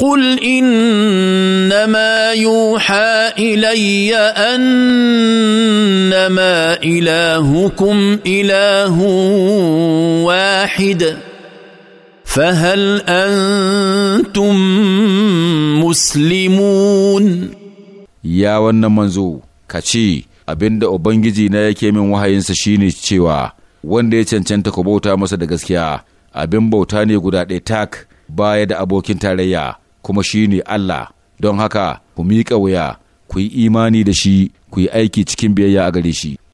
قل انما يوحى الي انما الهكم اله واحد فهل انتم مسلمون ya wannan manzo ka ce abinda ubangiji na yake min wahayinsa shine cewa wanda ya cancanta ku bauta masa da gaskiya abin bauta ne guda ɗaya tak baya da abokin tarayya kuma shi ne Allah don haka ku miƙa wuya ku yi imani da shi ku yi aiki cikin biyayya a gare shi